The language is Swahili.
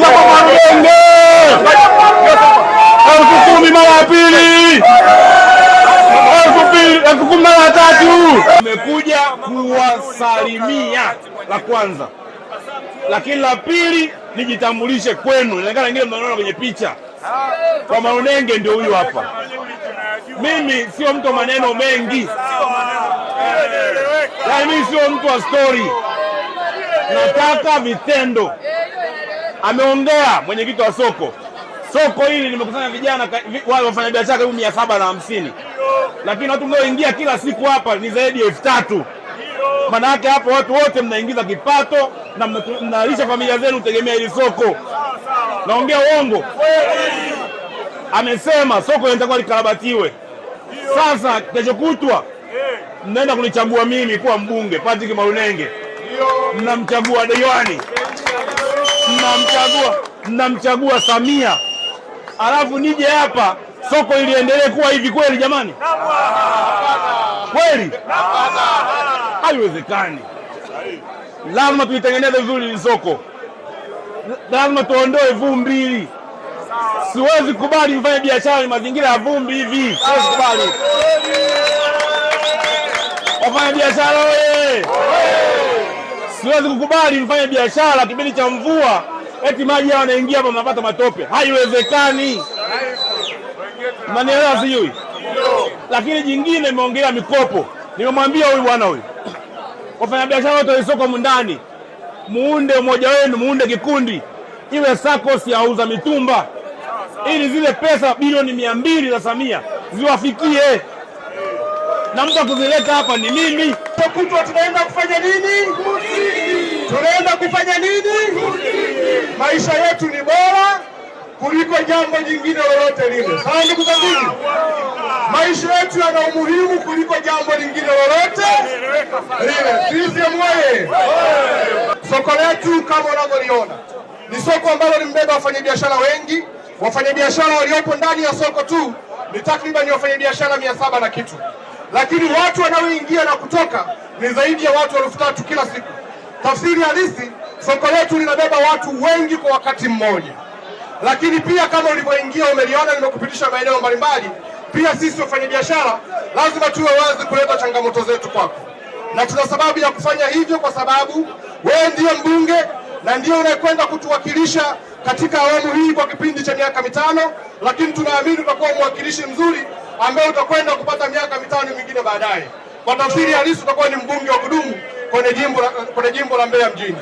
kwanza kwa elfu kumi mara ya pili, elfu kumi mara ya tatu. Umekuja kuwasalimia la kwanza, lakini la pili nijitambulishe kwenu. Inaonekana wengine mnaona kwenye picha kwa Maunenge, ndio huyu hapa. Mimi sio mtu wa maneno mengi, yaani mimi sio mtu wa stori, nataka vitendo ameongea mwenyekiti wa soko. Soko hili limekusanya vijana wafanyabiashara karibu mia saba na hamsini, lakini watu mnaoingia kila siku hapa ni zaidi ya elfu tatu. Maana yake hapo watu wote mnaingiza kipato na mnalisha familia zenu tegemea hili soko. Naongea uongo? Amesema soko linatakiwa likarabatiwe. Sasa kesho kutwa mnaenda kunichagua mimi kuwa mbunge Patrick Marunenge mnamchagua diwani mnamchagua mnamchagua Samia, alafu nije hapa soko iliendelee kuwa hivi kweli? Jamani, kweli haiwezekani. Lazima tuitengeneze vizuri soko, lazima tuondoe vumbi. Siwezi kubali mfanye biashara ni mazingira ya vumbi hivi, siwezi kubali. Wafanya biashara oye! Siwezi kukubali mfanye biashara kipindi cha mvua, eti maji haya yanaingia hapa, mnapata matope. Haiwezekani, manielewa sijui. Lakini jingine nimeongelea mikopo, nimemwambia huyu bwana huyu, wafanyabiashara wote walisoko mundani muunde umoja wenu, muunde kikundi, iwe SACCOS ya auza mitumba, ili zile pesa bilioni mia mbili za Samia ziwafikie na mtu akuzileta hapa ni mimi. Kutwa tunaenda kufanya nini? kufanya nini? Maisha yetu ni bora kuliko jambo jingine lolote lile. Sawa ndugu zangu, maisha yetu yana umuhimu kuliko jambo lingine lolote lile. Sisi soko letu kama unavyoliona ni soko ambalo limbeba wafanyabiashara wengi. Wafanyabiashara waliopo ndani ya soko tu ni takriban wafanyabiashara mia saba na kitu, lakini watu wanaoingia na kutoka ni zaidi ya watu elfu tatu kila siku. Tafsiri halisi, soko letu linabeba watu wengi kwa wakati mmoja, lakini pia kama ulivyoingia umeliona, nimekupitisha maeneo mbalimbali. Pia sisi wafanyabiashara lazima tuwe wazi kuleta changamoto zetu kwako, na tuna sababu ya kufanya hivyo, kwa sababu wewe ndiye mbunge na ndiye unayekwenda kutuwakilisha katika awamu hii kwa kipindi cha miaka mitano, lakini tunaamini utakuwa mwakilishi mzuri ambaye utakwenda kupata miaka mitano mingine baadaye. Kwa tafsiri halisi, utakuwa ni mbunge wa kudumu kwenye jimbo la Mbeya mjini.